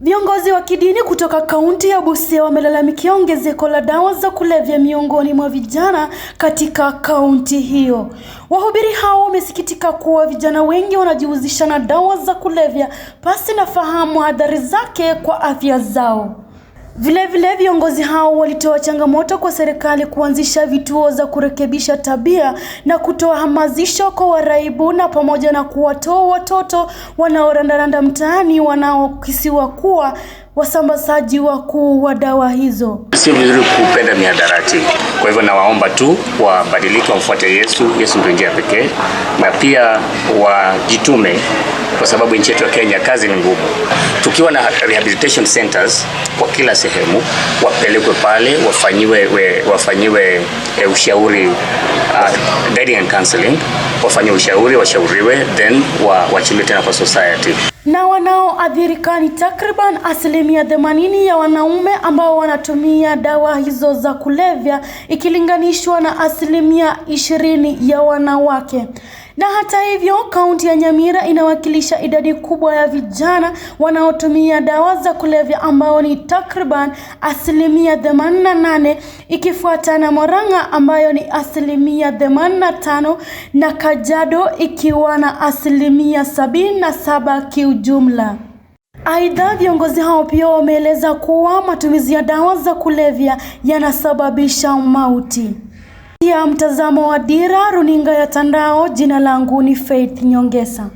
Viongozi wa kidini kutoka kaunti ya Busia wamelalamikia ongezeko la dawa za kulevya miongoni mwa vijana katika kaunti hiyo. Wahubiri hao wamesikitika kuwa vijana wengi wanajihusisha na dawa za kulevya pasi na fahamu hadhari zake kwa afya zao. Vilevile viongozi hao walitoa changamoto kwa serikali kuanzisha vituo za kurekebisha tabia na kutoa hamasisho kwa waraibu na pamoja na kuwatoa watoto wanaorandaranda mtaani wanaokisiwa kuwa wasambazaji wakuu wa dawa hizo. Sio vizuri kupenda mihadarati. Kwa hivyo nawaomba tu wabadilike, wamfuate Yesu. Yesu ndio njia pekee, na pia wajitume, kwa sababu nchi yetu ya Kenya kazi ni ngumu tukiwa na rehabilitation centers kwa kila sehemu, wapelekwe pale wafanyiwe, we, wafanyiwe e, ushauri uh, guiding and counseling, wafanyiwe ushauri, washauriwe then waachiliwe tena kwa society. Na wanaoathirika ni takriban asilimia 80 ya wanaume ambao wanatumia dawa hizo za kulevya ikilinganishwa na asilimia ishirini ya wanawake. Na hata hivyo, kaunti ya Nyamira inawakilisha idadi kubwa ya vijana wanaotumia dawa za kulevya ambao ni takriban asilimia 88, ikifuata na Murang'a ambayo ni asilimia 85 na kajado ikiwa na asilimia 77 kiujumla. Aidha, viongozi hao pia wameeleza kuwa matumizi ya dawa za kulevya yanasababisha mauti ya mtazamo wa Dira Runinga ya Tandao. Jina langu ni Faith Nyongesa.